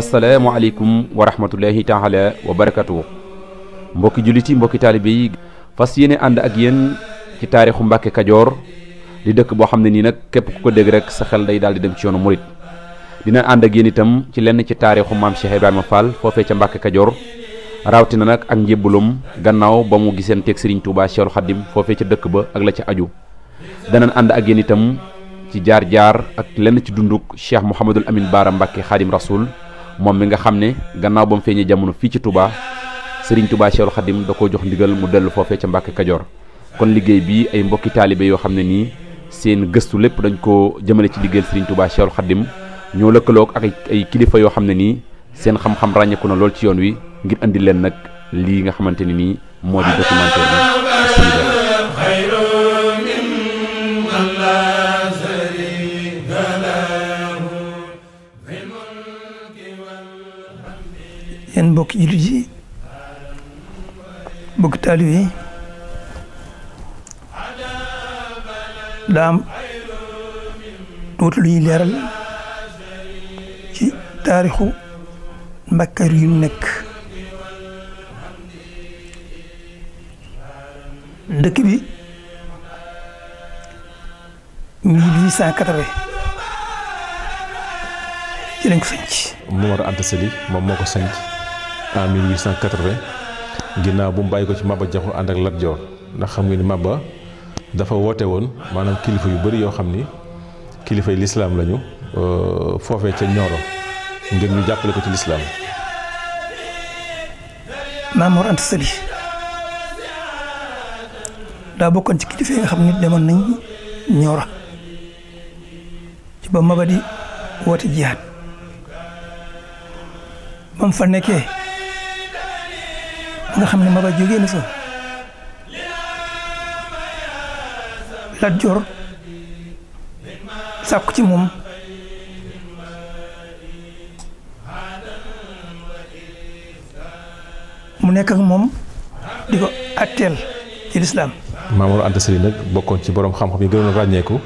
asalaamaaleykum wa rahmatullahi taala wa barakatuhu mbokki jullit yi mbokki taalibe yi fas yéene ànd ak yéen ci taarixu Mbàkke Kajoor li dëkk boo xam ne nii nag képp ku ko dégg rek sa xel day daal di dem ci yoonu murit dina ànd ak yéen itam ci lenn ci taarixu maam Cheikh Ibrahima Fall foofee ca Mbàkke Kajoor raawtina nag ak njébbalum gannaaw ba mu giseen teeg Sëriñ Tuubaa Cheikhul Xadim foofee ca dëkk ba ak la ca aju danañ ànd ak yéen itam ci jaar-jaar ak lenn ci dunduk Cheikh Mouhamadul Amin Baara Mbacke Xaadim Rasoul moom mi nga xam ne gannaaw ba mu feeñee jamono fii ci Touba Serigne Touba Cheikhul Xaadim da koo jox ndigal mu dellu foofee ca Mbacke Kajoor kon liggéey bi ay mbokki taalibe yoo xam ne nii seen gëstu lépp dañ ko jëmale ci liggéeyal Serigne Touba Cheikhul Xaadim ñoo lëkkaloo ak ay kilifa yoo xam ne nii seen xam-xam ràññeeku na lool ci yoon wi ngir indi leen nag lii nga xamante ne nii moo seen jullit yi bokki taalibe yi daa am tuuti lu ñuy leeral ci taarixu mbàkkaar yu nekk dëkk bi 1880 ci lañ ko sanc Mor en 1880 ginnaaw bu mu bàyyi ko ci maba jaxu ànd ak lat jor ndax xam ngeen ni maba dafa wote woon maanaam kilifa yu bëri yoo xam ni kilifay lislaam lañu euh, foofee ca ñoro ngir ñu jàppale ko ci lislaam maamor ant sëli daa bokkoon ci kilifa yi nga xam ni demoon nañ ñoro ci ba maba di wote jihaat bam fa nekkee nga xam ne maba jógee na fa Lat Joor sàkku ci moom mu nekk ak moom di ko atteel ci lislaam Maamor Anta Sali nag bokkoon ci borom xam-xam yi gënoon ràññeeku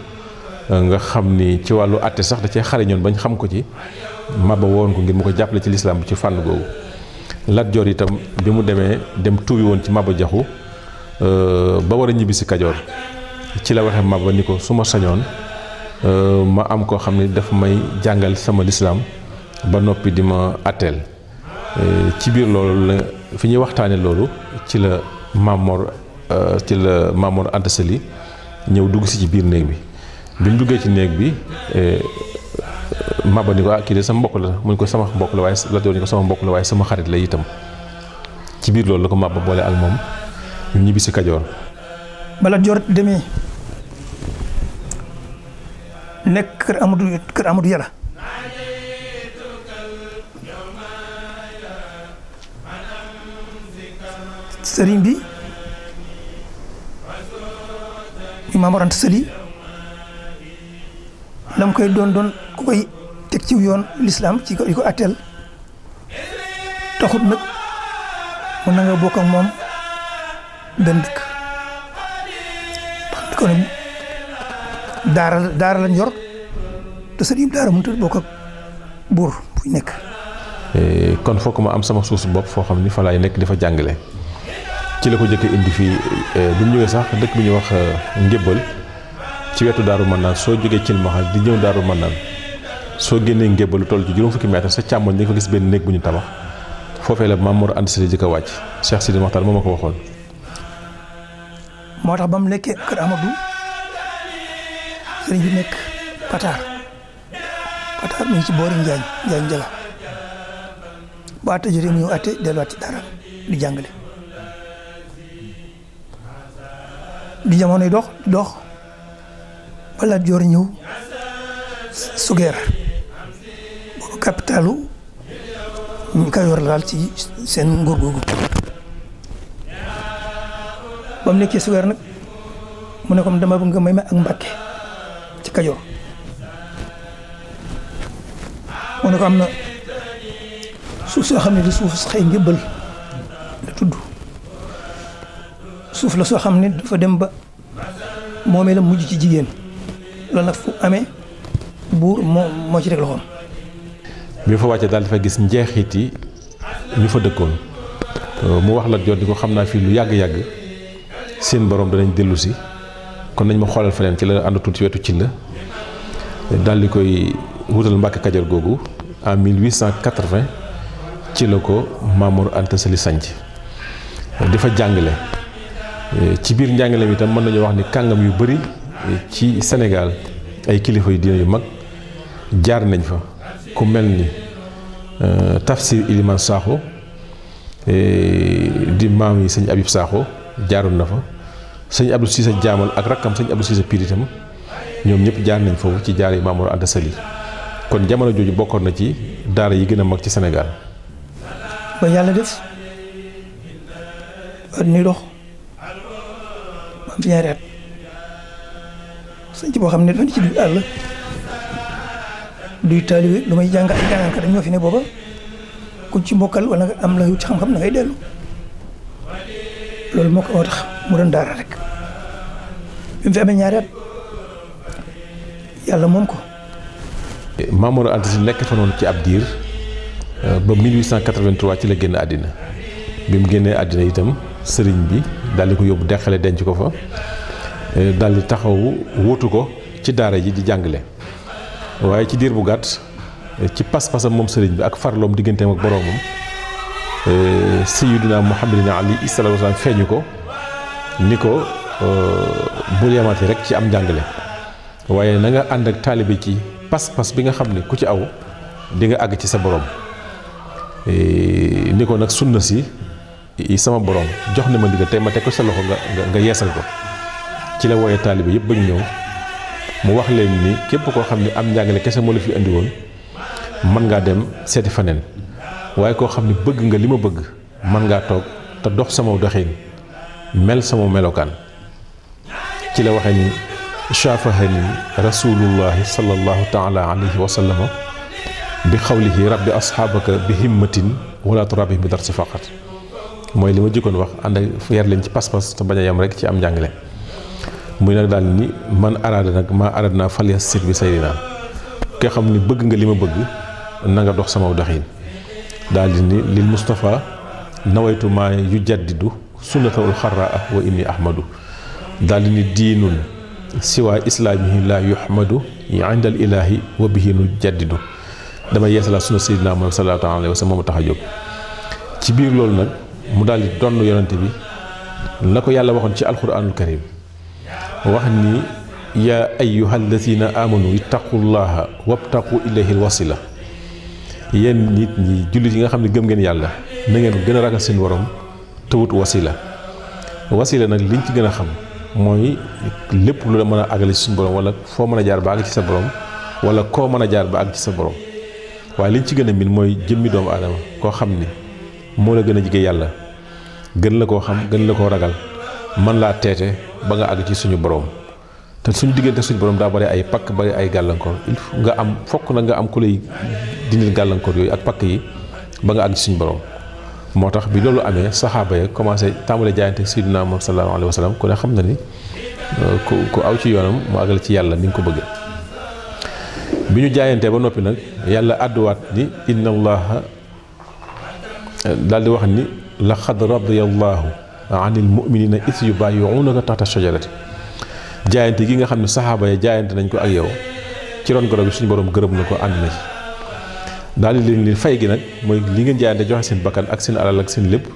nga xam ni ci wàllu atte sax da cee xarañoon bañ xam ko ci maba woon ko ngir mu ko jàppale ci lislaam ci fànn googu Lat Joor itam bi mu demee dem tuubi woon ci Maba Jaxu euh, ba war a ñibbisi si Kajoor ci la waxee Maba ni ko su ma sañoon euh, ma am koo xam ne dafa may jàngal sama lislaam ba noppi di ma atteel euh, ci biir loolu la fi ñuy waxtaane loolu ci la Mamor ci la Mamor Anta ñëw dugg si ci biir néeg bi bi mu duggee ci néeg bi maba ni ko ah de sama mbokk la mu ko sama mbokk la way la doon ko sama mbokk la way sama xarit la itam ci bir lolou ko maba bolé ak mom ñu ñibi ci kadior bala jor demé nek kër amadou kër amadou yalla serin bi imam lam koy don don ku koy teg ci yoon l'islam ci ko atel attel taxut nag mu nga bok ak moom benn dëkk kon daara daara lañ yor te sëriñ dara mu tut bok ak bu nek e eh, kon foko ma am sama suus bop fo xamni fa lay nek difa jangale ci lako jëkke indi fi eh, bu ñëwé sax dekk bi ñu wax eh, ngébbal ci wetu manan so ci di ñëw daru manan soo génnee ngébbalu toll ci juróom fukki mètre sa càmmoñ di nga fa gis benn néeg bu ñu tabax foofee la Maam Mor Anta Sali jëkk wàcc Cheikh Sidi Mokhtar moo ma ko waxoon. moo tax ba mu nekkee kër Amadou sëriñ nekk Pataar Pataar mu ngi ci boori Njaañ Njaañ Njala bu àtte jotee mu ñëw àtte delluwaat dara di jàngale. di jamonoy dox dox bala joor ñëw sugeer capitalu ñu koy war laal ci seen nguur googu ba mu nekkee suwer nag mu ne ko dama bëgg nga may ma ak mbàkke ci kajoor mu ne ko am na suuf soo xam ne di suuf xëy njëbbal da tudd suuf la soo xam ne dafa dem ba moomee la mujj ci jigéen loolu nag fu amee buur moo moo ci rek loxoom bi fa wacce dal dafa gis njeexiti ñu fa dekkoon euh, mu wax la jot barom ko dilusi. naa lu yag yag seen borom danañ delu ci kon nañ ma xolal feneen ci la andu tuti wetu ci la dal di koy wutal mbacke kadjar gogu en 1880 ci lako Mamour Anta Sali sanc di fa jàngale euh, ci bir jangale mi tam man nañu wax ni kangam yu bari ci senegal ay kilifa yu yu mag jaar nañ fa ku mel ni euh, tafsir Iliman Sakho di maam yi sëñ Abib Sakho jaaroon na fa sëñ Abdou Cissé jaamal ak rakkam sëñ Abdou Cissé Pire itam ñoom ñëpp jaar nañ foofu ci jaare Maam Mor Anta Sali kon jamono jooju bokkoon na ci daara yi gën a mag ci Sénégal. ba yàlla def ba nuy dox ba fi ñaari at sëñ ci boo xam ne dafa ci biir àll. duy taalibe lu may jàng ay jàngal kat ñoo fi ne booba ku ci mbokkal wala nga am la yu ci xam-xam da ngay dellu loolu moo ko moo tax mu doon daara rek bi mu fi amee ñaari yàlla moom ko. Maam Mor Anta Saly nekk fa noonu ci ab diir euh, ba 1883 ci la génn àddina bi mu génnee àddina itam sëriñ bi daal di ko yóbbu deqale denc ko fa euh, dal di taxaw wóotu ko ci daara ji di jàngale. waaye ci diir bu gàtt ci pas-pasam moom sëriñ bi ak farloom digganteem ak boroomam eh, sayyiduna muhammadin ali salaam feeñu ko ni ko eh, bul yamaati rek ci am njàngale waaye na ànd ak taalibe ci pas-pas bi nga xam ne ku ci aw di nga àgg ci sa boroom eh, ni nag sunna si sama boroom jox na ma ndigal tey ma teg ko sa loxo nga nga yeesal ko ci la wooyee taalibe yëpp ba ñu ñëw mu wax leen ni képp koo xam ni am njàngale kese moo la fi andi woon mën ngaa dem seeti feneen waaye koo xam ni bëgg nga li ma bëgg man ngaa toog te dox sama doxin mel sama melokaan ci la waxe ni shaafahani rasulullahi sallallahu taala alayhi wa sallama bi xawlihi rabbi asxaabaka bi himmatin wala turabi bi dar si faqat mooy li ma jikkoon wax ànd ak yar leen ci pas-pas te bañ a yem rek ci am njàngale muy nag daal ni man arade nag ma araada naa fal yasir bi saydinaa ke xam ni bëgg nga li ma bëgg na nga dox sama doxin daal di ni lil Moustapha nawaytu maa yu jaddidu sunnatawul xarraa wa inni ahmadu daal di ni diinun siwa islaamihi la yuhmadu inda al ilahi wa bihi nu jaddidu dama yeesalaat sunna saydinaa moom salaatu alayhi wa sallam moo tax a jóg ci biir loolu nag mu daal di donn yonante bi la ko yàlla waxoon ci alquranul karim wax ni yaa ayuha alladina amanu ittaqullaha wabtaqu ilayhi alwasila yéen nit ñi jullit yi nga xam ne gëm ngeen yàlla na ngeen gën a ragal seen borom te wut wasila wasila nag liñ ci gën a xam mooy lépp lu la mën a àggale ci suñu borom wala foo mën a jaar ba àgg ci sa borom wala koo mën a jaar ba àgg ci sa borom waaye liñ ci gën a min mooy jëmmi doomu aadama koo xam ni moo la gën a jige yàlla gën la koo xam gën la koo ragal man laa teete ba nga àgg ci suñu borom te suñu diggante suñu borom daa bari ay pakk bari ay gàllankoor nga am fokk na nga am ku lay dindil gàllankoor yooyu ak pakk yi ba nga àgg ci suñu borom. moo tax bi loolu amee saxaaba ya commencé tàmbale jaayante sayyidina Muhammad sallallahu alayhi wa sallam ku ne xam na ni euh, ku ku aw ci yoonam mu àggale ci yàlla ni nga ko bëggee bi ñu jaayantee ba noppi nag yàlla àdduwaat ni inna allaha euh, daal di wax ni laqad radiyallahu anil muminina is yu bàyyiwunaka taxta shajarati jaayante gi nga xam ne saxaaba ya jaayante nañ ko ak yow ci ron garab bi suñu borom gërëm na ko ànd na ci daal di leen li fay gi nag mooy li ngeen jaayante joxe seen bakkan ak seen alal ak seen lépp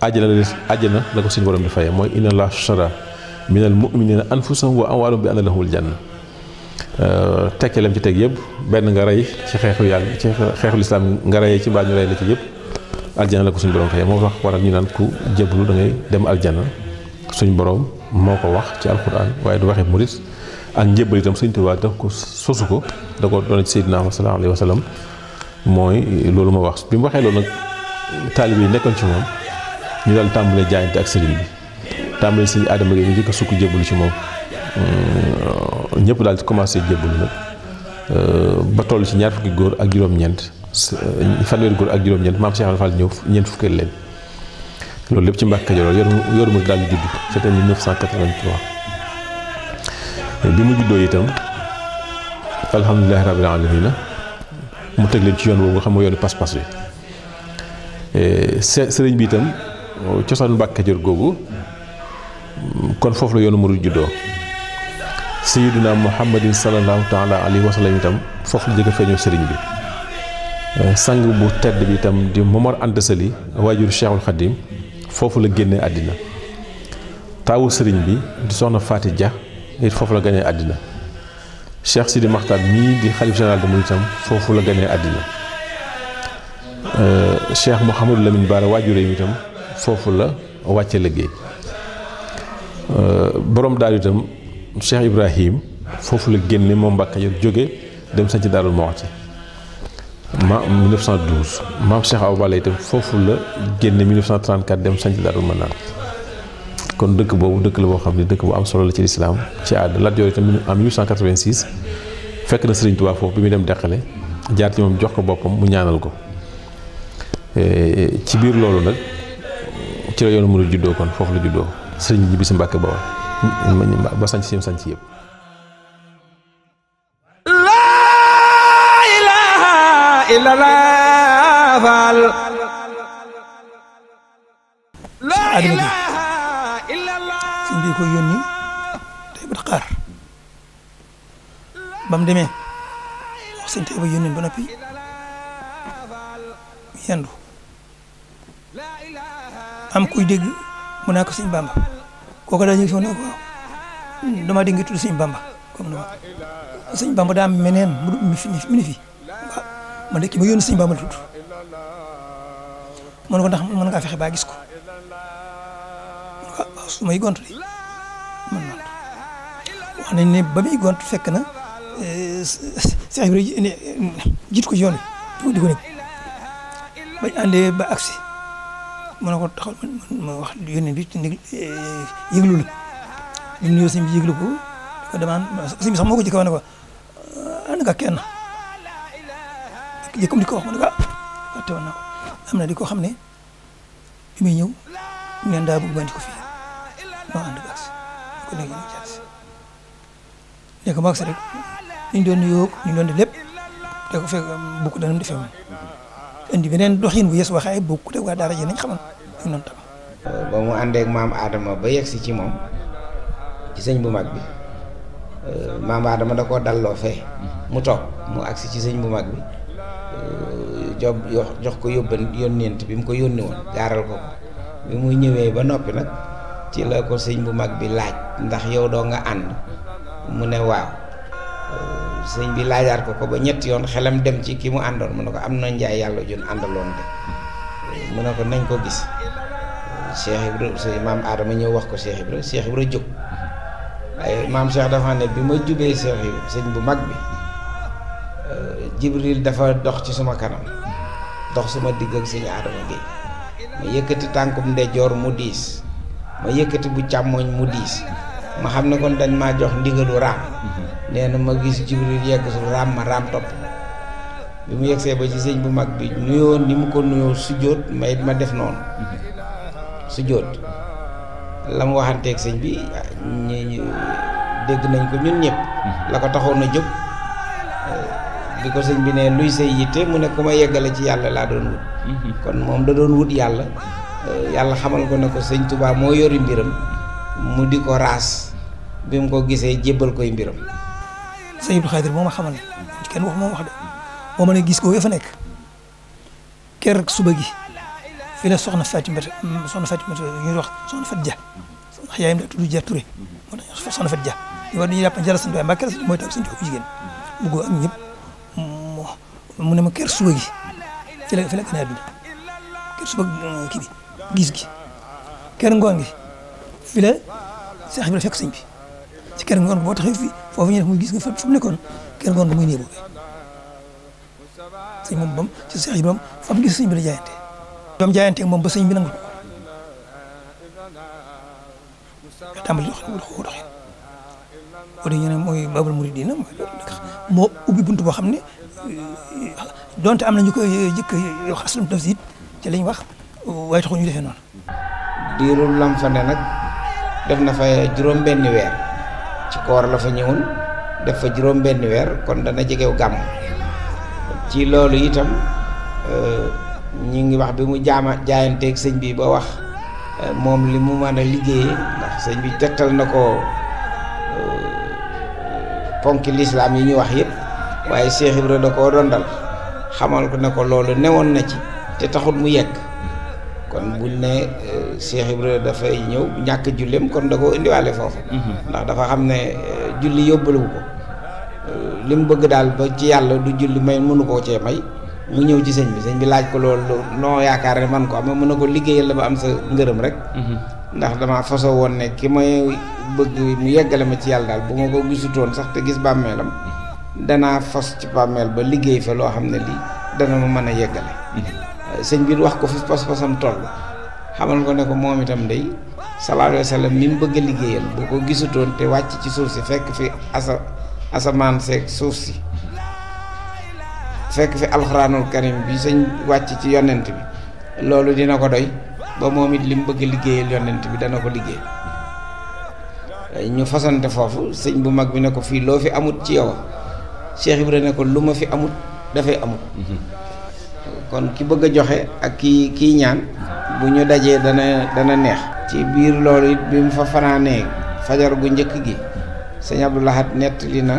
àjjana àjjana la ko suñu borom di faye mooy inna allah shara min al muminina anfusahum wa amwalahum bi anna lahumul janna tekkelam ci teg yëpp benn nga rey ci xeexu yàlla ci xeexu lislaam nga reyee ci mbaa ñu rey la ci yëpp aljana la ko suñu borom fayee moo wax waral ñu naan ku jébbalu da ngay dem aljana suñ borom moo ko wax ci alquran waaye du waxe murit ak njébbal itam sëñ waa daf ko sosu ko da ko doon ci Seydina Muhammad sallallahu alayhi wa mooy loolu ma wax bi mu waxee loolu nag taalibe yi nekkoon ci moom ñu daal tàmbalee jaayante ak sëriñ bi tàmbalee sëñ Adama gi ñu njëkk a sukk jébbalu ci moom ñëpp daal di commencé jébbalu nag ba toll ci ñaar fukki góor ak juróom fanweeri góor ak juróom-ñeent maam Cheikh Ibra Fall ñëw ñeent fukkeel leen loolu lépp ci Mbàkke Kajoor yor yor mu daal di judd c'était 1983 bi mu juddoo itam alhamdulilahi rabbil alamina mu teg leen ci yoon boobu nga xam mooy yoonu pas-pas bi sëriñ bi itam cosaan Mbàkke Kajoor googu kon foofu la yoonu murid juddoo sayiduna muhammadin sallallahu taala alayhi wa sallam itam foofu la jëkk a feeñoo sëriñ bi Euh, sang bu tedd bi itam di Momar Anta Sali waajur Cheikhul foofu la génne àddina taawu sëriñ bi di soxna Faati Dia it foofu la ganee àddina Cheikh Sidi Maxtaar mii di xalif foofu la ganee àddina euh, Cheikh Mouhamadou Lamine Bara waajur yi itam foofu la wàcce liggéey euh, boroom daal itam Cheikh Ibrahim foofu la génne moom Mbàkke Kajoor jóge dem sañ ci Daarul Muxti ma 1912 maam Cheikh Awa Balla itam foofu la génne 1934 dem sanc Daarul Manaan kon dëkk boobu dëkk la boo xam ne dëkk bu am solo la ci lislaam ci àdd Lat Joor itam en 1886 fekk na Serigne Touba foofu bi muy dem deqale jaar ci moom jox ko boppam mu ñaanal ko e, ci biir loolu nag ci la yoonu mënul juddoo kon foofu la juddoo Serigne bi si Mbàkke Bawol ba sanc sim sanc yëpp إلا لا فعل لا إله إلا الله sëñ bi koy yónni tey ba xaar ba mu demee wax sëñ tey ba yónni ba noppi yendu am kuy dégg mu naa ko sëñ Bamba kooku daal ñu ngi fi ne ko hmm, damaa dégg nga tudd sëñ Bamba comme ni ma sëñ Bamba daa am meneen mu mi fi mi fi man de ki ma yónni sëñ Bamba tudd mën ko ndax mën ngaa fexe baa gis ko waaw su may gont de man man wax nañ ba muy gont fekk na Cheikh eh, Ibrahima jiit ko yoon wi di ko nekk bañ àndee ba agsi mën ko taxal ma wax yónnee eh, bi yëglu la ñu nuyoo sëñ ko ko demaan sax moo ko jëkk wax ne ko ah, ànd nga kenn yëkkam di ko wax ma ne ah, ko am na di ko xam ne bi muy ñëw neen daa bëgg bandi ko fii ko nekk ñu jàll si nekk baax rek ñu doon nuyoo ñu doon def lépp da ko fekk bukk dana defee moom indi beneen doxin bu yes waxee bukk de waa daara ji nañ xamal ñu noonu tam. ba mu àndeek maam Adama ba yegg si ci moom ci sëñ bu mag bi euh, maam Adama da koo dalloo fee mu toog mu agsi ci sëñ bu mag bi. job jox ko yóbban yónneent bi mu ko yónni woon jaaral ko bi muy ñëwee ba noppi nag ci la ko sëñ bu mag bi laaj ndax yow doo nga ànd mu ne waaw sëñ bi laajaat ko ko ba ñetti yoon xelam dem ci ki mu àndoon mu ne ko am na njaay yàlla jun àndaloon de mu ne ko nañ ko gis Cheikh Ibra sëñ maam Adama ñëw wax ko Cheikh Ibra Cheikh Ibra juk waaye maam Cheikh dafa ne bi ma Cheikh Ibra bu mag bi jibril dafa dox ci suma kanam dox suma digg ak seigne adama gi ma tankum ndé jor mu diis ma yëkëti bu chamoy mu diis ma xam kon dañ ma jox ndigalu ram nee ma gis jibril yegg su ram ma ram top bi mu yexé ba ci seigne bu mag bi nuyo ni mu ko nuyoo sujjóot may ma def non sujjóot lam waxante ak seigne bi ah, ñi degg nañ ko ñun ñëpp la ko na jóg bi ko sëñ bi ne luy say yitte mu ne ku ma yeggale ci yàlla laa doon wut mhm. kon moom da doon wut yàlla euh, yàlla xamal ko ne ko sëñ Tuubaa moo yori mbiram mu di ko raas bi mu ko gisee jébbal koy mbiram sëñ Abdou Khadir moo ma xamal ne kenn wax moo wax de moo ma ne gis fa nekk ker ak suba gi fii la soxna Fatou mm, ñu war mu ne ma kër suba gi fi la fi la gën suba euh, kii gis gi kër ngoon gi fi la Seex bi la fekk sëñ bi ci kër ngoon gi boo taxee fi foofu ñu def muy gis nga fa fu mu nekkoon kër ngoon gi muy néew boobee sëñ moom bam ci Seex bi moom fa mu gis sëñ bi la jaayante moom ba sëñ bi wala ñu ne mooy babul muridina moo ubbi buntu boo xam ne euh, donte am na ñu koy euh, jëkk euh, wax aslum tafsid ci lañ wax waaye taxul ñu defee noonu. diiru lam ne nag def na fa juróom benni weer ci koor la fa ñëwoon def fa juróom benni weer kon dana jegew gàmm ci loolu itam ñu ngi wax bi mu jaama jaayanteeg sëñ bi ba wax moom li mu mën a liggéeyee ndax sëñ bi tegtal na ko. ponki lislaam yi ñu wax yëpp waaye Cheikh Ibra da koo dondal xamal ko ne ko loolu newoon na ci te taxul mu yegg kon buñ ne euh, Cheikh Ibra dafay ñëw ñàkk julleem kon da koo indiwaale foofu mhm. ndax dafa xam ne euh, julli yóbbaluwu ko euh, li mu bëgg daal ba ci yàlla du julli may mënu koo cee may mu ñëw ci sëñ bi sëñ bi laaj ko loolu noo yaakaar ne man ko amee mën na ko liggéeyal la ba am sa ngërëm rek mhm. ndax dama faso woon ne ki may bëgg mu yeggale ma ci yàlla daal bu ma ko gisutoon sax te gis bàmmeelam danaa fos ci bàmmeel ba liggéey fa loo xam ne lii dana ma mën a yeggale mm-hmm. sëñ bi wax ko fi pas-pasam toll xamal ko ne ko moom itam day sallallahu alayhi wa sallam mi mu bëgg a liggéeyal bu ko gisutoon te wàcc ci suuf si fekk fi asa asamaan seeg suuf si fekk fi alxuraanul karim bi sëñ wàcc ci yonent bi loolu dina ko doy ba momit lim bëgg liggéeyal yonent bi dana ko liggéey ñu fasante fofu señ bu mag bi ne ko fi lo fi amut ci yow Cheikh Ibra ne ko luma fi amut dafay amut mhm. kon ki bëgg joxe ak ki ki ñaan bu ñu dana dana neex ci biir loolu it bi mu fa fanaanee fajar gu njëkk gi sëñ Abdou net li na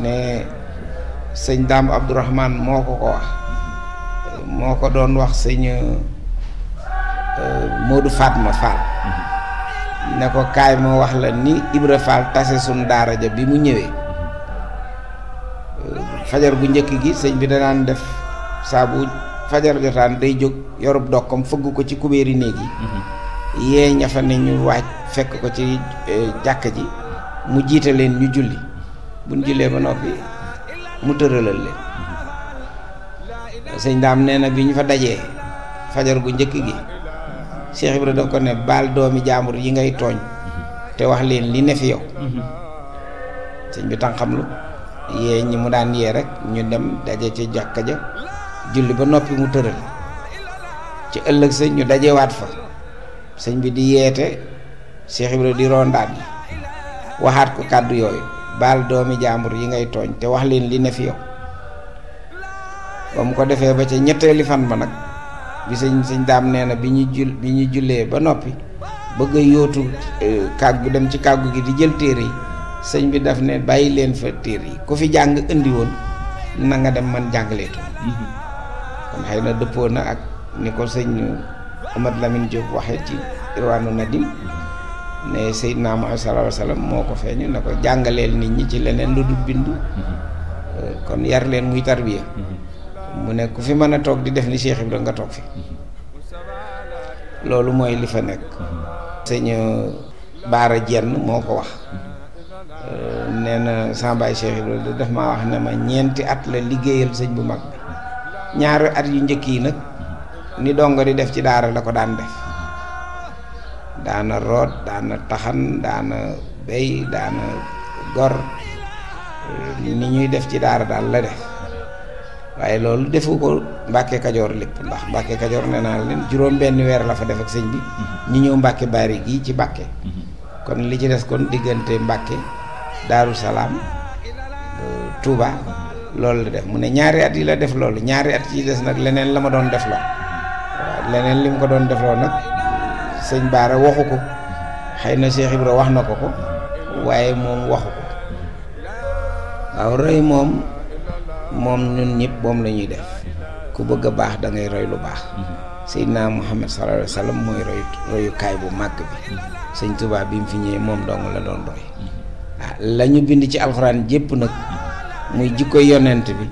ne señ dam Abdourahman moko ko wax moko doon wax señ Euh, Modou Fatma Fall mhm. ne ko kay ma wax la ni Ibra Fall tase sun dara ja bi mu ñëwee fajar bu njëkk gi señ bi danaan def bu fajar jotaan day jog yorub dokkom mhm. fugu ko ci kubéri neegi ye yee fa ne ñu wacc fekk ko ci jakk ji mu jité len ñu julli ñu jullee ba nopi mu teureulal le señ daam neena bi ñu fa dajé fajar gu njëkk gi Cheikh Ibra da ko ne baal doomi jaambur yi ngay tooñ te wax leen li ne fi yow sëñ bi tànqamlu yee ñi mu daan yee rek ñu dem daje ci jàkka ja julli ba noppi mu tëral ci ëllëg sa ñu dajewaat fa sëñ bi di yeete Cheikh Ibra di rondaat waxaat ko kàddu yooyu baal doomi jaambur yi ngay tooñ te wax leen li ne fi yow ba mu ko defee ba ca ñetteeli fan ba nag bi sëñ sëñ daam nee na bi ñu jul bi ñu jullee ba noppi bëgg a yóotu euh, kàggu dem ci kàggu gi di jël téere yi sëñ bi daf ne bàyyi leen fa téere yi ku fi jàng indi woon na nga dem man jàngaleetoo mm-hmm. kon xëy na dëppoon na ak ni ko sëñ Amat Lamine Diop waxe ci irwaanu nadim ne seyd Muhammad sallallahu alayhi wa moo ko feeñu ne ko jàngaleel nit ñi ci leneen lu dul bindu mm-hmm. euh, kon yar leen muy tarbiya mm-hmm. mu ne ku fi mën a toog di def li Cheikh Ibra nga toog fi loolu mooy li fa nekk sëñ Baara Jenn moo ko wax nee na sambaay Cheikh Ibra daf maa wax ne ma ñeenti at la liggéeyal sëñ bu mag bi ñaari at yu njëkk yi nag ni dongo di def ci daara la ko daan def daana root daana taxan daana béy daana gor ni ñuy def ci daara daal la def waye lolou defu ko Mbàkke Kajoor lépp ndax Mbàkke kadior nee len leen ben benn la fa def ak señ bi mhm. ñi ñew Mbàkke bari gi ci mhm. kon li ci des kon diggante Mbàkke Daaru salam Touba lolou def mu ne ñaari at yi la def lolou ñaari at ci des nak leneen lama doon def la leneen lim ko doon def loo Cheikh Ibra wax ko waye mom moom aw ko moom ñun ñëpp moom lañuy ñuy def ku bëgg a baax da ngay roy lu baax Seydina Muhammad sallallahu alayhi mooy roy royukaay bu mag bi sëñ Tuubaa bi mu fi ñëwee moom dong la doon roy ah, ñu bind ci alxuraan jépp nag muy jikko yonent bi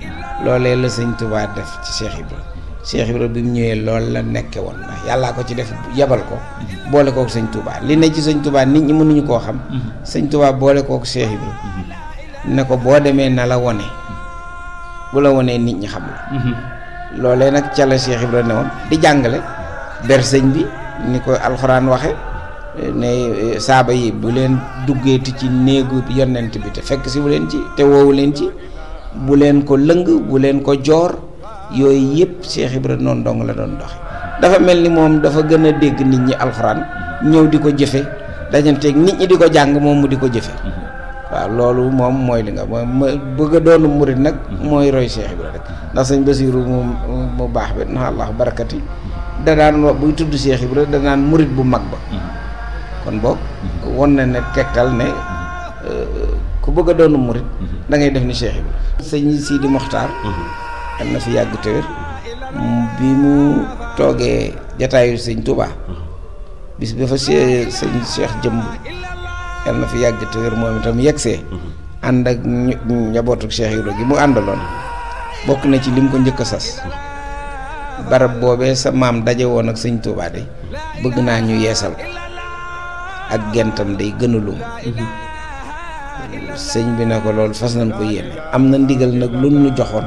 loolee la sëñ Tuubaa def Cheikh Ibra Cheikh Ibra bi mu ñëwee loolu la nekke woon ndax yàllaa ko ci def yebal ko boole kook sëñ Tuubaa li ne ci sëñ Tuubaa nit ñi mënuñu koo xam sëñ Tuubaa boole kook Cheikh ne ko boo demee na la wone bu la wanee nit ñi xam la mhm. loolee nag ca la Cheikh Ibra ne woon di jàngale ber bi ni ko alxuraan waxe ne e, saaba yi bu leen duggeeti ci néegu yonent bi te fekk si bu leen ci te wowu leen ci bu leen ko lëng bu leen ko joor yooyu yëpp Cheikh Ibra noonu dong la doon doxe dafa mel ni moom dafa gën a dégg nit ñi alxuraan ñëw di ko jëfe dajanteeg nit ñi di ko jàng moom mu di ko jëfe mhm. waaw loolu moom mooy li nga mooy mooy bëgg a doon murid nag mhm. mooy roy Cheikh Ibra rek mhm. ndax sëñ Basiru mu mu baax bi na allah barakati danaan buy tudd Cheikh da daan murid bu mag ba mhm. kon boog won na ne tegtal ne eh, ku bëgg a doon murid da ngay def ni Cheikh Ibra sëñ Sidi Moxtaar am na fi yàgg te bi mu toogee jataayu sëñ Touba bis bi fa sëñ Cheikh jëmb yal fi yàgg te wer momi tam yegsee and mm-hmm. ak njabootu Cheikh Ibra gi mu andalon bokk na ci lim ko ñëk sas mm-hmm. barab bobé sa mam dajé won ak seigne touba de bëgg na ñu yéssal ak gentam day gën seigne bi nako fas nañ ko yéne amna ndigal nak luñ ñu joxon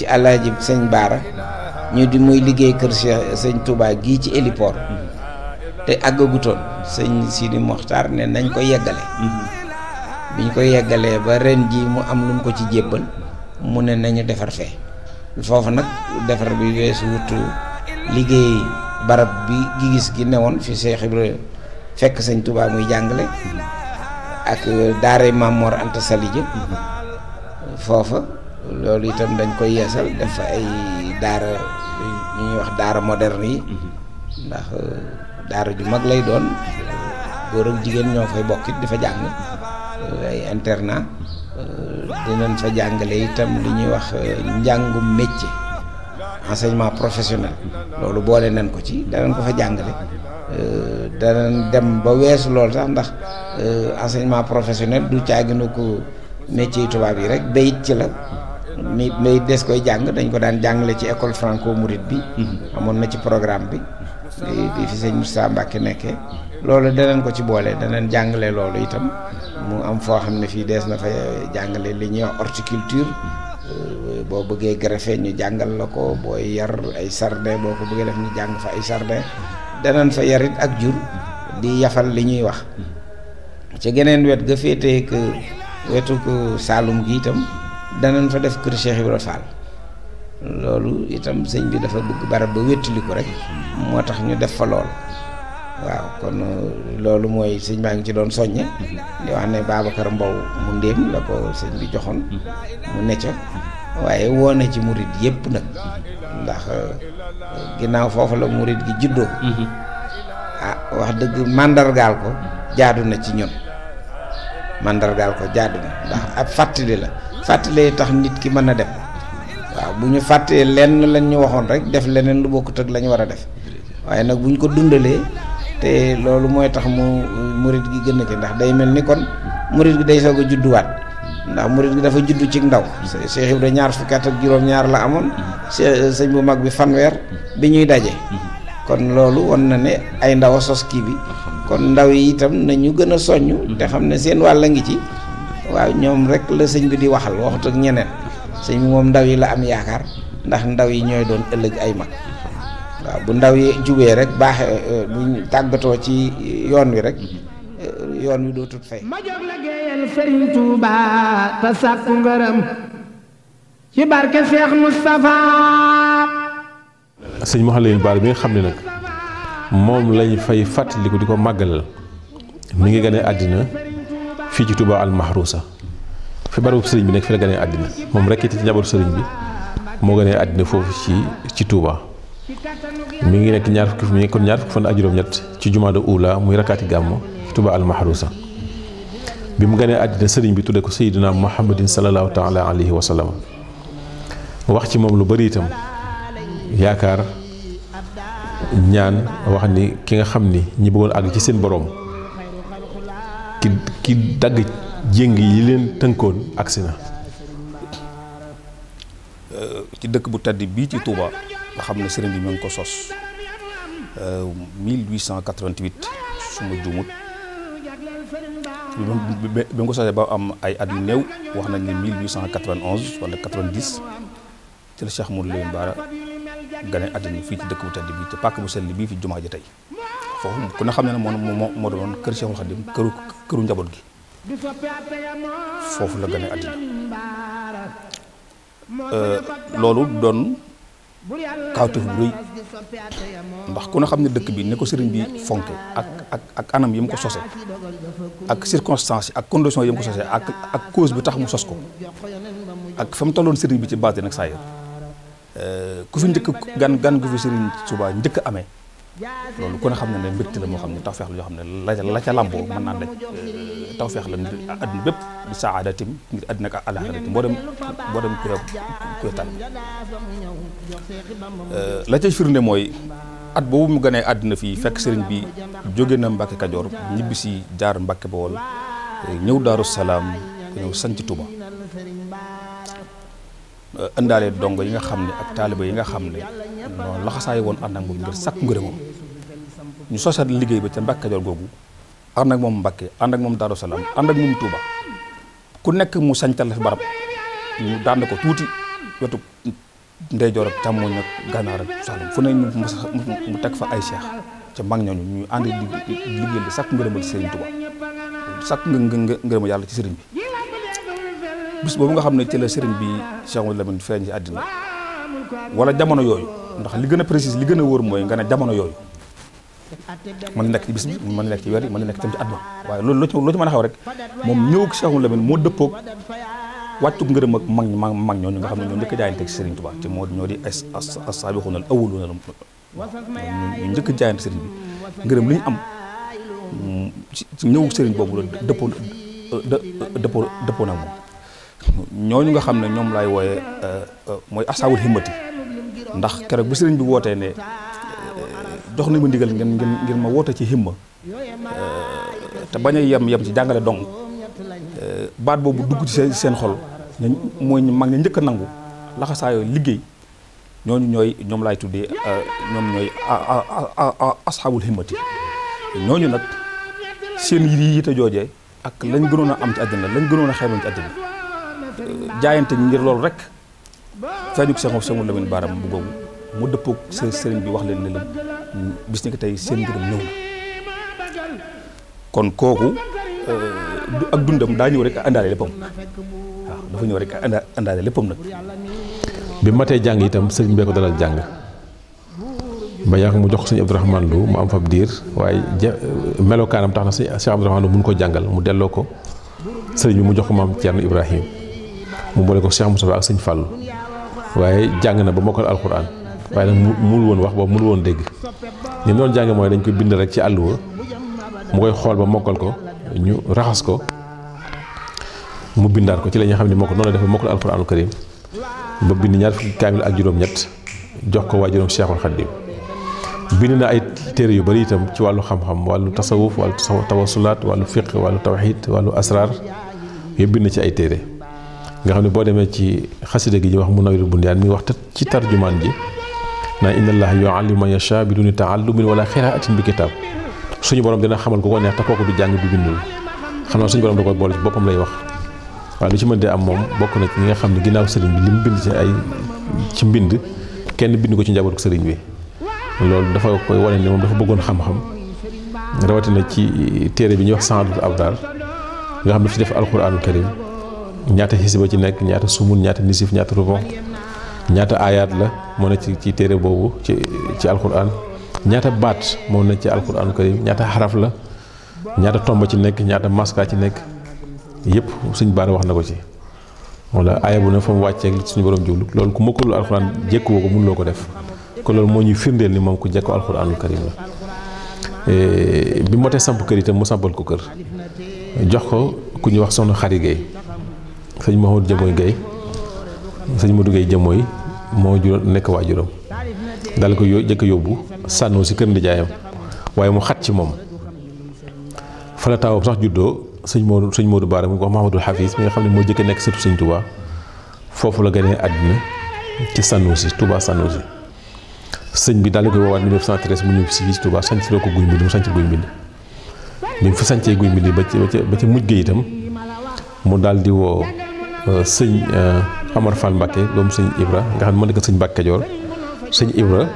ci alaaji seigne bara mm-hmm. ñu di moy liggéey kër Cheikh seigne Touba gi ci héliport te àggagutoon sëñ Sidi Moxtaar ne nañ ko yeggale mm-hmm. biñ ko yeggalee ba ren ji mu am lu mu ko ci jébbal mu ne nañu defar fee foofu nag defar bi weesu wutu liggéey barab bi gi gis gi newoon fi Cheikh Ibrahima fekk sëñ Touba muy jàngale mm-hmm. ak daare Mamor Anta Sali ji mm-hmm. foofa loolu itam dañ koy yeesal def ay daara ñuy wax daara moderne yi ndax daara ju mag lay doon góor ak jigéen ñoo fay bokk it jàng euh, ay internat euh, dinañ fa jàngale itam li ñuy wax euh, njàngum métier enseignement professionnel loolu boole nañ ko ci danañ ko fa jàngale danañ dem ba weesu lool sax ndax enseignement professionnel du caaginu ko métier yu tubaab yi rek béyit ci la mi béyit des koy jàng dañ ko daan jàngale ci école franco murit bi mm-hmm. amoon na ci programme bi bi fi sëñ Moussa Mbacke nekkee loolu deneen ko ci boole deneen jàngale loolu itam mu am foo xam ne fii dees na fa jàngale li ñuy wax horticulture euh, boo bëggee greffé ñu jàngal la ko booy yar ay sarde boo ko bëggee def ñu jàng fa ay sardin deneen fa yarit ak jur di yafal li ñuy wax ci geneen wet ga féetee que wetu ko Saalum gi itam danañ fa def kër Cheikh Ibrahima Fall loolu itam sëñ bi dafa bëgg barab ba wéttaliku rek moo tax ñu def fa lool waaw kon uh, loolu mooy sëñ baa ngi ci doon soññe di wax ne Babacar Mbow mu ndéem la ko sëñ bi joxoon mu ne ca waaye woone ci murit yépp nag ndax uh, ginnaaw foofu la murit gi juddoo ah wax dëgg màndargaal ko jaadu na ci ñun màndargaal ko jaadu na ndax ab fàttali la fàttali tax nit ki mën a dem waaw bu ñu fàttee lenn lañ ñu waxoon rek def leneen lu bokkut ak la ñu war a def waaye nag bu ñu ko dundalee te loolu mooy tax mu murit gi gën a ci ndax day mel ni kon murit gi day soog a judduwaat ndax murit gi dafa juddu ci ndaw Cheikh Ibra ñaar fukki ak juróom-ñaar la amoon sëñ bu mag bi fanweer bi ñuy daje kon loolu won na ne ay ndaw a sos kii bi kon ndaw yi itam nañu gën a soññ te xam ne seen wàll ngi ci waaw ñoom rek la sëñ bi di waxal waxut ak ñeneen sëñ moom ndaw yi la am yaakaar ndax ndaw yi ñooy doon ëllëg ay mag waaw bu ndaw yi jubee rek baaxe euh, buñ tàggatoo ci yoon wi rek euh, yoon wi dootul fay ma jóg liggéeyal sëriñ Tuuba te sàkku ngërëm ci barke Cheikh Moustapha sëñ Mouhamadou Bara bi nga xam ne nag moom lañ fay fàttaliku di ko màggalal mu ngi gane àddina fii ci Touba al fi barabu sëriñ bi nekk fi la gënee àddina moom rek ci njabootu sëriñ bi moo gënee àddina foofu ci ci Touba. mi ngi nekk ñaar fukki fan ak juróom-ñett ci jumaada ula muy rakaati gàmm ci Touba al bi mu gënee àddina sëriñ bi tudde ko sayyidina Muhammadin sallallahu taala alayhi wa sallam wax ci moom lu bari itam yaakaar ñaan wax ni ki nga xam ni ñi bëggoon àgg ci seen boroom ki dagg. jéng yi leen tënkoon agsi euh, ci dëkk bu tedd bii ci Touba nga xam ne sëriñ bi mu ngi ko sos 1888 euh, su ma jumut bi mu ko sosee ba am ay at yu néew wax nañ ne 1891 wala 90 ci la Cheikh Moudou Lamine Bara gane àddina fii ci dëkk bu tedd bii ci pàkk bu sell bii fi jumaa ji tey foofu ku ne xam ne ne moom moo moo doon kër Cheikhul Khadim këru këru njaboot gi foofu la gën a euh, loolu doon kawteef bu rëy ndax ku ne xam ne dëkk bi ni ko sëriñ bi fonke ak ak ak anam yi ko sose ak circonstance ak condition yi ko sose ak ak cause bi tax mu sos ko ak fa mu tolloon sëriñ bi ci base nag saa ku fi njëkk gan gan gu fi sëriñ Tuubaa njëkk amee loolu ku ne xam ne ne la moo xam ne tawfeex la yoo xam ne la la ca làmboo mën naa daj euh, tawfeex la adduna bépp di saadatim ngir adduna ak alaxiratim boo dem boo dem kuy kuy tànn euh, la ca firnde mooy at boobu mu gënee àdduna fii fekk sëriñ bi jóge na Mbàkke Kajoor ñibbi jaar Mbàkke Bawol euh, ñëw Daaru Salaam ñëw sanc Tuuba ëndaale dongo yi nga xam ne ak taaliba yi nga xam ne noonu laxasaay woon ànd ak moom ngir sàkk ngërëmam ñu sosal liggéey ba ca Mbàkke Kajoor googu ànd ak moom Mbàkke ànd ak moom Daaru Salaam ànd ak moom Touba ku nekk mu sañtal la fi barab ñu daan ko tuuti wetu ndeyjoor ak càmmoñ ak ganaar ak Saalum fu ne mu teg fa ay seex ca mag ñooñu ñu ànd di liggéey bi sàkk ngërëmal ci Sëriñ Touba sàkk nga ngërëmal yàlla ci sëriñ bi bis boobu nga xam ne ci la sëriñ bi Cheikh Mouhamadou Lamine feeñ ci àddina wala jamono yooyu ndax li gën a précise li gën a wóor mooy nga ne jamono yooyu mën na nekk ci bis bi mën na nekk ci weer yi mën na nekk tam ci at ma waaye loolu loo ci loo ci mën a xaw rek moom ñëw Cheikh Mouhamadou Lamine moo dëppoog wàccug ngërëm ak mag mag mag ñooñu nga xam ne ñoo njëkk jaayante ak Serigne Touba te moo ñoo di as-saabiquuna al-awwaluuna ñu njëkk jaayante Serigne bi ngërëm li ñu am ci ñëw Serigne boobu la dëppoo dëppoo dëppoo na moom ñooñu nga xam ne ñoom laay wooye euh, euh, mooy asaawul himmati ndax keroog bu sëriñ bi wootee ne euh, jox nañ ma ndigal ngeen ngeen ma woote ci himma te bañ a yem yem ci jàngale dong baat boobu dugg ci seen xol mooy mag ña njëkk a nangu laxasaayoo liggéey ñooñu ñooy ñoom laay tuddee ñoom ñooy asxaabul himmati ñooñu nag seen yi yita jooje ak lañ gënoon a am ci àddina lañ gënoon a xayma ci àddina jaayante ngir loolu rek feeñuk seen Cheikh Mouhamadou Lamine Bara bu googu mu dëppoog seen sëriñ bi wax leen ne leen bis ni ko seen mbiram ñëw na kon kooku euh, ak dundam daa ñëw rek àndaale léppam waaw dafa ñëw rek àndaale léppam nag. bi matee jàng itam sëriñ bee ko dalal jàng ba mu jox sëñ Abdourahmane Lo mu am fab diir waaye je melokaanam tax na sëñ Abdourahmane Lo mun ko jàngal mu delloo ko sëriñ bi mu jox ko maam Thierno Ibrahim mu boole ko Cheikh Moustapha ak sëñ Fall waaye jàng na ba mokkal alxuraan waaye nag mu mul woon wax boobu mul woon dégg ni mu doon jàng mooy dañ koy bind rek ci àlluwa mu koy xool ba mokkal ko ñu raxas ko mu bindaat ko ci la xam ne moo ko noonu la defee mokkal alxuraanu karim ba bind ñaar fukki kaamil ak juróom-ñett jox ko waa juróom Cheikhul Khadim bind na ay téere yu bari itam ci wàllu xam-xam wàllu tasawuf wàllu tawasulaat wàllu fiq wàllu tawxiid wàllu asraar yëpp bind ci ay nga xam ne boo demee ci xasida gi ñu wax mu nawir bundiyaan mi wax te ci tarjumaan ji naa inna allaha yuallimu man yasha bi duni taallumin wala xiraatin bi kitaab suñu borom dina xamal ku ko neex te kooku du jàng du bindul xam naa suñu borom da ko boole ci boppam lay wax waaye lu ci mën dee am moom bokk na ci ñi nga xam ne ginnaaw sëriñ bi li mu bind ci ay ci mbind kenn bind ko ci njabootu sëriñ bi loolu dafa koy wane ne moom dafa bëggoon xam rawatina ci téere bi ñuy wax Saadul Abdar nga xam ne daf def alquranul karim ñaata xisiba ci nekk ñaata sumun ñaata nisif ñaata rubon ñaata ayaat la moo ne ci ci téere boobu ci ci alquran ñaata baat moom ne ci alquran karim ñaata xaraf la ñaata tomb ci nekk ñaata maska ci nekk yëpp suñ baara wax na ko ci wala aaya bu ne fa mu wàcceeg suñu borom jublu loolu ku mokkalul alquran jékkuwoo ko mënuloo ko def ko loolu moo ñuy firndeel ni moom ku jekko alquranul karim la e, bi motee samp kër itam mu sampal ko kër jox ko ku ñuy wax soxna Xari sëñ Mahmoud Jamoy Gaye sëñ Modou Gaye Jamoy moo jur nekk waajuram dal ko yó jëkk yóbbu sànnu si kër ndijaayam waaye mu xat ci moom fa la taawam sax juddoo sëñ Modou sëñ Modou Baara mu ko wax Mahamadul Hafiz xam ne moo jëkk nekk sëtu sëñ Touba foofu la gënee àddina ci sànnu si Touba sànnu si sëñ bi daal di koy woowaat 1913 mu ñëw si fii si Touba sanc loo ko guy mbind mu sanc guy mbind bi mu fi sancee guy mbind ba ba ci mujj ga mu daal di woo Euh, sëñ euh, Amar Fall Mbacke doomu sëñ Ibra nga xam ne moo nekk sëñ Mbacke Kajoor sëñ Ibra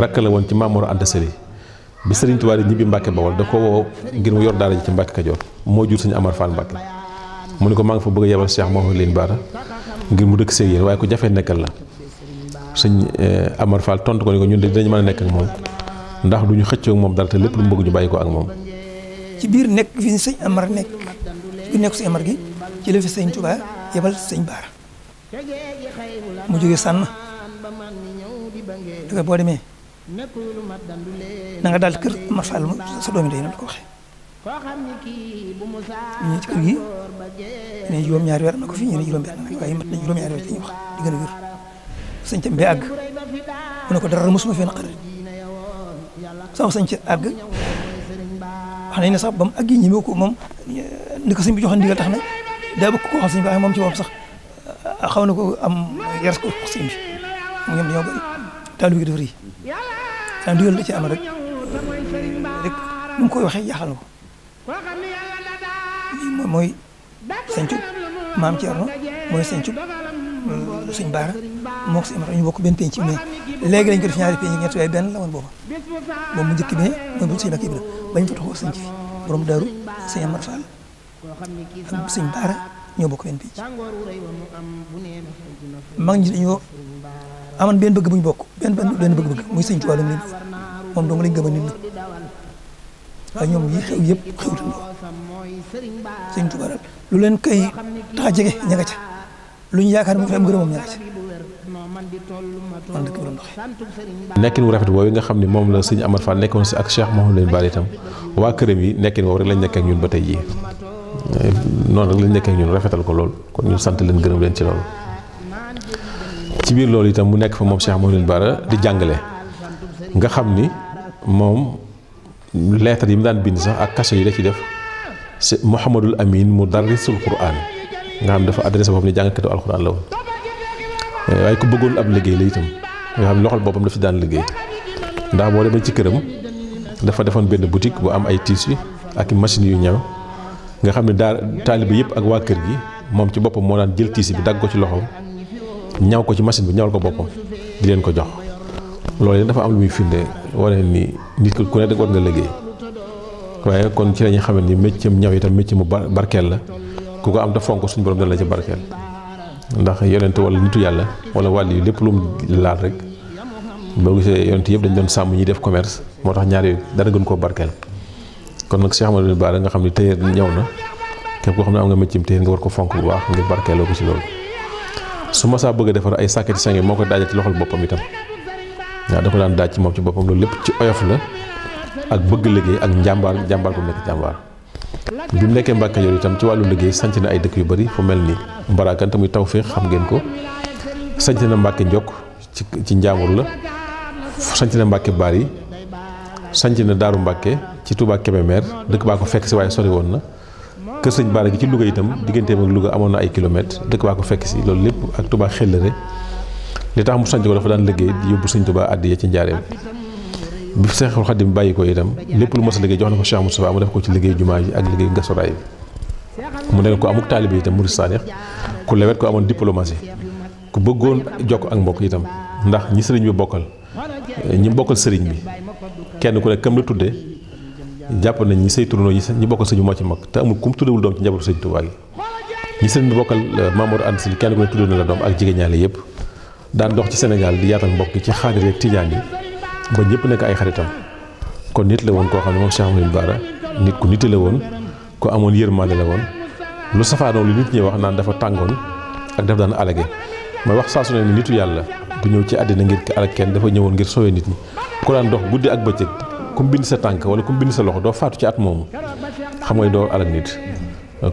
rakk la woon ci a Maamoro Anta Sali bi sëriñ Tuubaa di ñibbi Mbacke Bawol da ko woo ngir mu yor daara ji ci Mbacke Kajoor moo jur sëñ Amar Fall Mbacke mu ne ko maa ngi fa bëgg a yebal Cheikh Mouhamadou Lamine Bara ngir mu dëkk seeg yéen waaye ko jafe nekkal la sëñ euh, Amar Fall tontu ko ni ko ñun de dinañ mën a nekk ak moom ndax du ñu xëccoo moom dara te lépp lu mu bëgg ñu bàyyi ak moom ci biir nekk fi sëñ nekk ci biir nekk yebal sëñ Baara mu jóge sànn da boo demee na nga daal kër Amar Fall mu sa doomi day na ko waxee ñu ci kër gi ne juróom-ñaari weer am na ko fi ñu ne juróom-benn waaye mat na juróom-ñaari weer ci ñu wax di gën a wér sëñ tam bee àgg mu ne ko dara mosuma fee naqar sama sëñ ci àgg wax nañ ne sax ba mu àgg ñi ko moom ni ko sëñ bi joxoon ndigal tax na daa bëgg ko wax sëñ bi waaye moom ci boppam sax ah, xaw na ko am yar ko wax sëñ bi mu taalu gi dafa rëy daan dugal ci am rek rek nu mu koy waxee jaaxal na ko lii mooy sëñ Thioub maam mooy sëñ Thioub sëñ Baara moo ko Mara ñu bokk benn penc mais léegi lañ ko def ñaari penc ñett benn la woon booba moom mu njëkk bi mooy bu sëñ Bakk Ibra bañ fa taxaw sëñ borom daaru sëñ Amar Fall sëñ Baara ñoo bokk benn picc mag ñi dañoo amoon benn bëgg bu ñu bokk benn benn bëgg-bëgg muy sëñ Tuubaa lu mu leen moom dong lañ gëma nit ñi waaye ñoom yi xew yëpp xewtandoo sëñ Tuubaa daal lu leen koy tax a jege ña nga ca lu ñu yaakaar mu fi am gërëmam ña nga ca nekkin wu rafet woowu nga xam ne moom la sëñ Amar Fall nekkoon si ak Cheikh Mouhamadou Lamine Bara tam waa këram yi nekkin woowu rek lañ nekk ñun ba tey jii noonu rek lañ nekkee ñun rafetal ko loolu kon ñu sant leen gërëm leen ci loolu ci biir loolu itam mu nekk fa moom Cheikh Mouhamadou Bara di jàngale nga xam ni moom lettre yi mu daan bind sax ak cachet yi da ci def si Mouhamadul Amin mu darrisul Qur'an nga xam dafa adressé boobu ni jàngkatu alquran la woon eh, ku bëggoon ab liggéey la itam nga xam loxol boppam daf ci daan liggéey ndax boo demee ci këram dafa defoon benn boutique bu am ay tissu ak machines yu ñaw nga xam ne daa taalibe yëpp ak waa kër gi moom ci boppam moo daan jël tiisi bi dagg ko ci loxoom ñaw ko ci machine bi ñawal ko boppam di leen ko jox loolu dafa am lu muy firnde wane ni nit ku ne rek war nga liggéey waaye kon ci la ñu ni méccam ñaw itam mécc mu barkeel la ku ko am te fonk suñu borom dana la ci barkeel ndax yonent wala nitu yàlla wala wàll yi lépp lu mu laal rek boo gisee yonent yëpp dañu doon sàmm ñi def commerce moo tax ñaar yooyu dara gën kon nag Cheikh Ahmadou Bara nga xam ne téyeer ñëw na képp koo xam ne am nga méccim téyeer nga war ko fonk bu baax ngir barkeeloo ko ci loolu su ma saa bëgg defar ay sàkketi sange moo ko daajal ci loxol boppam itam waaw da ko daan daaj ci moom ci boppam loolu lépp ci oyof la ak bëgg liggéey ak njàmbaar njàmbaar bu nekk jàmbaar bi mu nekkee Mbàkke Kajoor itam ci wàllu liggéey sanc na ay dëkk yu bari fu mel ni Mbarakante muy Tawféex xam ngeen ko sanc na Mbàkke Njokk ci ci la sanc na Mbàkke Baar yi sanc na Daaru Mbàkke ci Touba Kébémer dëkk baa ko fekk si waaye sori woon na kër sëñ Bara gi ci Louga itam digganteem ak Louga amoon na ay kilomètres dëkk baa ko fekk si loolu lépp ak Touba Xellere li tax mu sanc ko dafa daan liggéey di yóbbu sëñ tubaa Touba àddiya ci njaareem bi Seexul Xadim bàyyi ko itam lépp lu mos a liggéey jox na ko Cheikh Moustapha mu def ko ci liggéey jumaa ji ak liggéey gasoraay bi mu nekk ko amuk taalibe itam murid saadix ku lewet ko amoon diplomatie ku bëggoon jokk ak mbokk itam ndax ñi sëriñ bi bokkal ñi bokkal sëriñ bi kenn ku ne kam la tudde jàpp nañ ñi say turno ñi ñi bokk sëñ moo ci mag te amul kum tuddewul doom ci njabootu sëñ Tuubaa gi ñi sëñ bi bokkal euh, Mamadou Anta Sali kenn ku ne tudde na la doom ak jigéen ñaale yëpp daan dox ci Sénégal di yaatal mbokk ci xaadir ak tijaan yi ba ñëpp nekk ay xaritam kon nit la woon koo xam ne moom Cheikh Ahmadou Bara nit ku nite la woon ku amoon yërmande la woon lu safaanoo lu nit ñi wax naan dafa tàngoon ak daf daan alage may wax saa su ne nitu yàlla te ñëw ci àddina ngir alak kenn dafa ñëwoon ngir sowee nit ñi ku daan dox guddi ak bëccëg ku bind sa tànk wala ku bind sa loxo doo faatu ci at moomu xam nga doo alak nit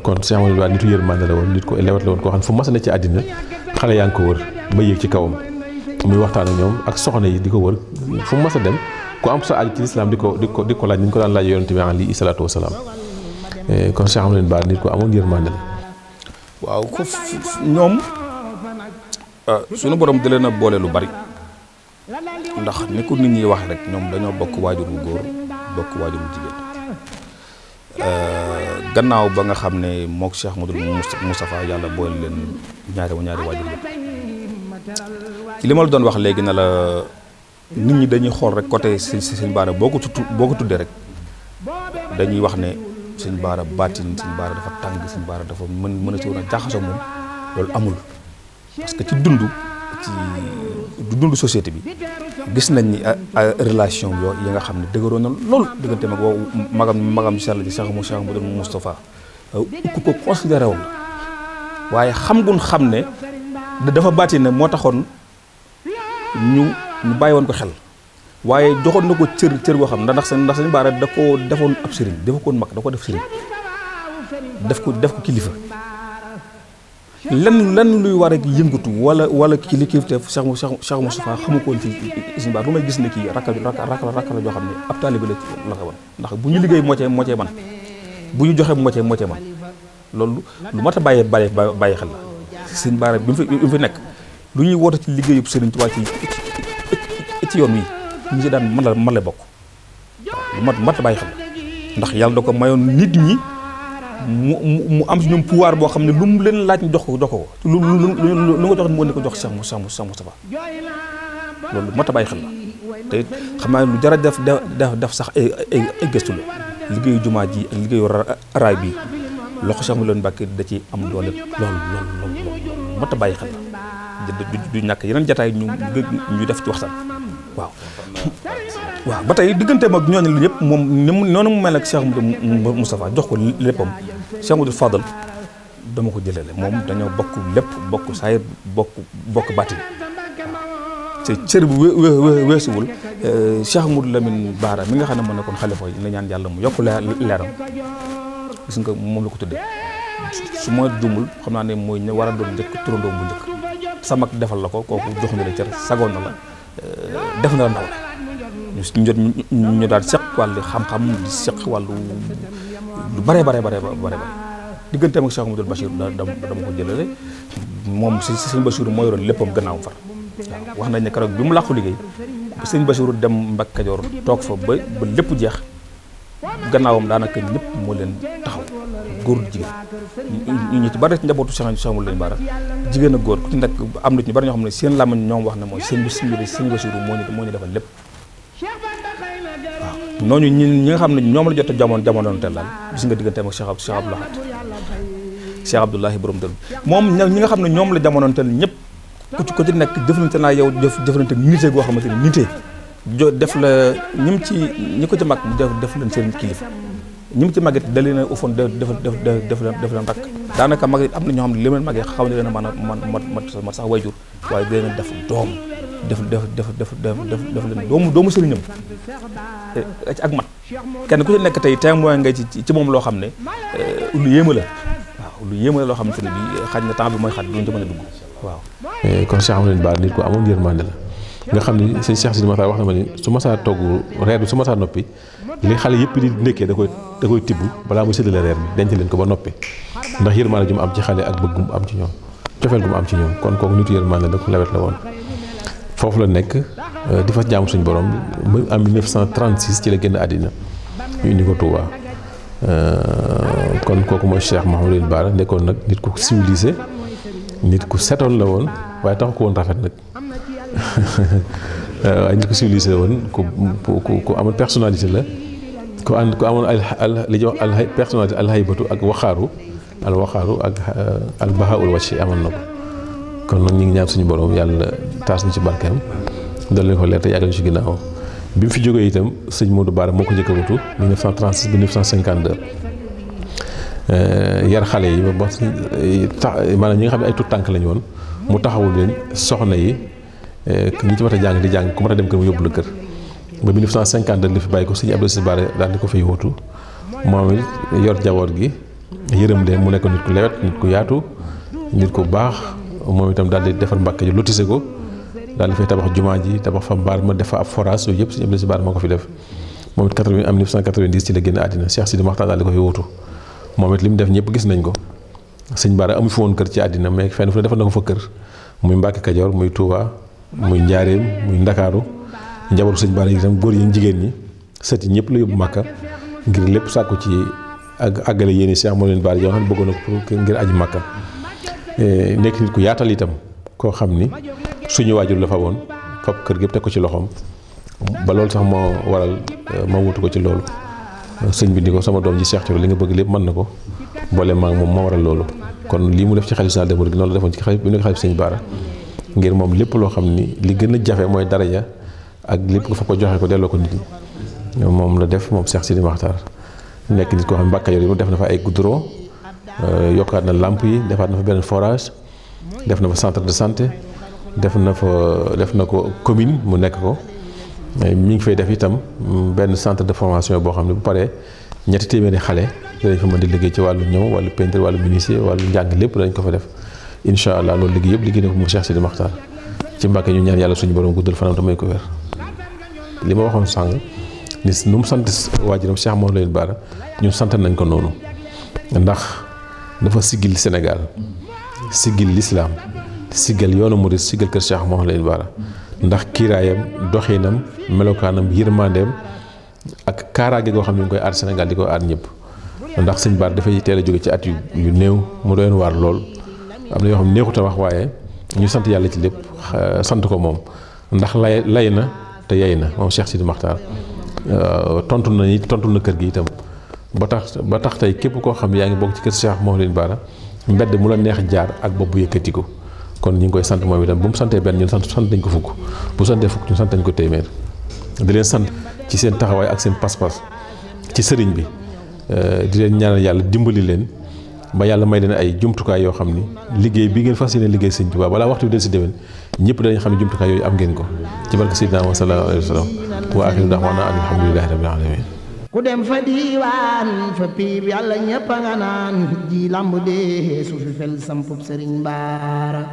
kon Cheikh Amadou Ba nitu yërmande ko lewet la woon koo xam ne fu mas na ci àddina xale yaa ngi ko wër ba yéeg ci kawam muy waxtaan ak ñoom ak soxna yi di ko wër fu mas a dem ku am sa aaj ci di ko di ko di ko laaj ni ñu ko daan laaj yonente bi alayhi salaatu wasalaam eh, kon Cheikh Amadou Ba nit ko amoon yërmande la waaw ko ñoom Euh, suñu borom di leen a boole lu bari ndax ni ko nit ñi wax rek ñoom dañoo bokk waajur wu góor bokk waajur wu jigéen euh, gannaaw ba nga xam ne mook Cheikh Modou Moustapha yàlla boole leen ñaari ñaari waajur yëpp li ma doon wax léegi na la nit ñi dañuy xool rek côté si sëñ Baara boo ko tudd boo ko tuddee rek dañuy wax ne sëñ Baara baatin sëñ Baara dafa tàng sëñ Baara dafa mën mën a ci woon a moom loolu amul. parce que ci dund ci dund société bi gis nañ ni relation yoo yi nga xam ne dëgëroon na lool diggante mag woo magam magam sell ji Cheikh mu Cheikh mu doon Moustapha euh, ku ko considéré woon waaye xam gun xam ne dafa bàtti ne moo taxoon ñu ñu bàyyi woon ko xel waaye joxoon na ko cër cër goo xam ndax ndax ndax sañ baara da ko defoon ab sëriñ dafa koon mag da ko def def ko def ko kilifa lan lan luy war ak yëngatu wala wala ki li kiif te Cheikh Cheikh Moustapha xamu ko woon ci Sëñ Bara lu may gis ne kii rakka rakka rakka la joo xam ne ab taalibe la la ko wan ndax bu ñu liggéey moo cee moo cee man bu ñu joxe moo cee moo cee man loolu lu mat a bàyyi bàyyi bàyyi xel la Sëñ Bara bi mu fi bi mu fi nekk lu ñuy woote ci liggéeyub Sëriñ Tuubaa ci ci yoon wi ñu ci daan mën la mën la bokk waaw lu mat mat a bàyyi xel la ndax yàlla da ko mayoon nit ñi mu mu am si ñoom pouvoir boo xam ne lu mu leen laaj ñu jox ko jox ko lu lu lu nga jox moo ne ko jox Cheikh Moussa Moussa Moustapha loolu moo tax bàyyi xel la te xam naa lu jara def def def sax ay ay gëstu la liggéeyu jumaa ji ak liggéeyu raay bi loxo Cheikh mu leen Mbàkke da ci am doole loolu loolu loolu loolu moo tax bàyyi xel la du ñàkk yeneen jataay ñu ñu def ci waxtaan waaw waaw ba tey diggante ak ñooñu lu yëpp moom ni mu noonu mu mel ak Cheikh Moustapha jox ko léppam Cheikh Moudou Fadal dama ko jëlale moom dañoo bokk lépp bokk saayir bokk bokk bàtin te cër bu weesuwul euh, Cheikh Moudou Lamine Baara mi nga xam ne moo nekkoon xalifa yi la ñaan mu yokk leeram gis nga moom la ko tëddee su ma jumul xam naa ne mooy ñu war a doon njëkk turandoom bu njëkk sa mag defal la ko kooku jox na la cër sagoon na la euh, def na la ndaw la ñu jot ñu daal seq wàllu xam-xam di seq wàllu lu bare bare bare bare bare digganteem ak Cheikh Amadou Bachir dama ko jëlale moom si sëñ Bachir moo yoroon léppam gannaawam far waaw wax nañ ne keroog bi mu làqu liggéey ba sëñ Bachir dem Mbacke Kajoor toog fa ba ba lépp jeex gannaawam daanaka ñëpp moo leen taxaw góor jigéen ñu ñu ci bari ci njabootu Cheikh Cheikh Amadou lañ baara jigéen ak góor ku ci nekk am na ci ñu bari ñoo xam ne seen làmmiñ ñoom wax na mooy sëñ bi sëñ bi sëñ Bachir moo ñu moo ñu defal lépp noonu ñi ñi nga xam ne ñoom la jot a jamono jamonoon te lan gis nga digganteem ak Cheikh Cheikh Abdou Lahad Cheikh Abdoulahi borom dël moom ñi nga xam ne ñoom la jamonoon te ñëpp ku ci ku ci nekk jëflante naa yow def jëflante nité goo xamante ni nité jo def la ñim ci ñi ko ci mag def def leen seen kilifa ñi mu ci mag da leen a ufoon def def def def leen rakk daanaka mag it am na ñoo xam ne li leen magee xaw ne leen a mën a man mat mat sax wayjur waaye da leen def doom def def def def def def leen doomu doomu sëriñam eh, ak mat kenn ku ci nekk tey témoin nga ci ci moom loo xam ne eh, lu yéema la waaw lu yéema la loo xamante ne bii eh, xaj na temps bi mooy xat duñ ci mën a dugg waaw. kon Cheikh Amadou Bara nit ko amoon yërmande la nga xam ni sëñ Cheikh Sidi Massa wax na ma ni su masaa togg reer bi su masaa noppi li xale yëpp di ndekkee da koy da koy tibb balaa muy séddale reer bi denc leen ko ba noppi ndax yërmande ju mu am ci xale ak bëgg mu am ci ñoom cofeel gu mu am ci ñoom kon kooku nitu yërmande la ko lawet la woon foofu la nekk euh, di fa jaamu suñu borom mu en am ci la génn àddina ñu indi ko Touba euh, kon kooku mooy Cheikh Mouhamadul Baara nekkoon nag nit ku civilisé nit ku setoon la woon waaye taxu ko woon rafet nag euh, waaye nit ku civilisé la woon ku ku ku amoon personnalité la ku ànd amoon al li ñuy wax al alhaybatu ak waxaaru al waxaaru ak al bahaul wàcc amoon na ko. kon nag ñu ngi ñaar suñu borom yàlla taas ñu ci barkeem dolli ko leer te yàggal ñu ci ginnaaw bi mu fi jógee itam sëñ du Bara moo ko njëkk a wutu 1936 ba euh, yar xale yi ba ba tax maanaam ñi nga xam ne ay tuut tànk lañu woon mu taxawul leen soxna yi euh, ñi ci war a jàng di jàng ku mën a dem kër mu yóbbu la kër ba 1952 li fi bàyyi ko sëñ Abdou Aziz Bara daal di ko fay wutu moom it yor njaboot gi yërëm leen mu nekk nit ku lewet nit ku yaatu nit ku baax. moom itam daal di defar mbàkke ji lotise ko daal di fay tabax jumaa ji tabax fa mbaar ma def fa ab forage yooyu yëpp suñu si baar moo ko fi def moom it 80 am 1990 ci la génn àddina Cheikh Sidi ko fi wuutu moom it li mu def ñëpp gis nañ ko sëñ Baara amu fi woon kër ci àddina mais fenn fu ne defal na ko fa kër muy Mbàkke Kajoor muy Touba muy Njaareem muy Ndakaaru njabootu sëñ Baara yi itam góor yi jigéen ñi set yi ñëpp la yóbbu Màkka ngir lépp sàkku ci ak àggale yéen i Cheikh moo leen Baara yoo xam ne bëggoon na ko Eh, nekk nit ku yaatal itam koo xam ni suñu waajur la fa woon fab kër gépp teg ko ci loxoom ba loolu sax moo waral eh, ma wutu ko ci loolu sëñ bi ni ko sama doom ji Cheikh Thioro li nga bëgg lépp mën na ko boole maa moom moo waral loolu kon li mu def ci xalis général des mourides noonu la defoon ci xalif bi ñu ko xalif sëñ Baara ngir moom lépp loo xam ni li gën a jafe mooy daraja ak lépp nga fa joxe ko delloo ko moom la def moom Cheikh Sidi Makhtar nekk nit koo xam ne Mbàkke yi mu def na fa ay goudron Euh, yokkaat na làmp yi defaat na fa beneen forage def na fa centre de santé def na fa def na ko commune mu nekk ko mu ngi fay def itam benn centre de formation boo xam ne bu paree ñetti téeméeri xale dinañ fa mën di liggéey ci wàllu ñëw wàllu peinture wàllu menuisier wàllu njàng lépp lañ ko fa def incha allah loolu liggéey yëpp liggéey na mu mu Cheikh di Makhtar ci Mbàkke ñu ñaan yàlla suñu borom guddal fanam damay ko wér li ma waxoon sàng ni nu mu sant waajuram Cheikh Mawlana Bara ñun sant nañ ko noonu dafa siggil Sénégal siggil lislaam siggal yoonu murid siggal kër Cheikh Mouhamed Lamine Bara ndax kiiraayam doxinam melokaanam yërmandeem ak kaaraage goo xam ne ñu koy aar Sénégal di ko aar ñëpp ndax sëñ baal dafay teel a jóge ci at yu yu néew mu doon waar lool am na yoo xam neexut a wax waaye ñu sant yàlla ci lépp sant ko moom ndax lay lay na te yey na moom si Sidi Makhtar euh, tontu na ni tontu na kër gi itam ba tax ba tax tey képp koo xam yaa ngi boog ci kër Cheikh leen Bara mbedd mu la neex jaar ak bopp yëkkati ko kon ñu ngi koy sant moom itam bu mu santee benn ñun sant sant nañ ko fukk ko téeméer di leen sant ci seen taxawaay ak seen pas-pas ci sëriñ bi euh, di leen ñaanal yàlla dimbali leen ba yàlla may leen ay jumtukaay yoo xam ni liggéey bi ngeen fas yéene liggéey sëriñ Tuubaa balaa waxtu bi del si déwén ñëpp dañu xam ne jumtukaay yooyu am ngeen ko ci barke Seydina Muhammad sallallahu alayhi wa sallam wa axiru da'waana alhamdulillahi rabbil alamin ku dem fa diiwaan fa piib yàlla ñëpp a nga naan ji lamb dee su fi fel sampub sëriñ baara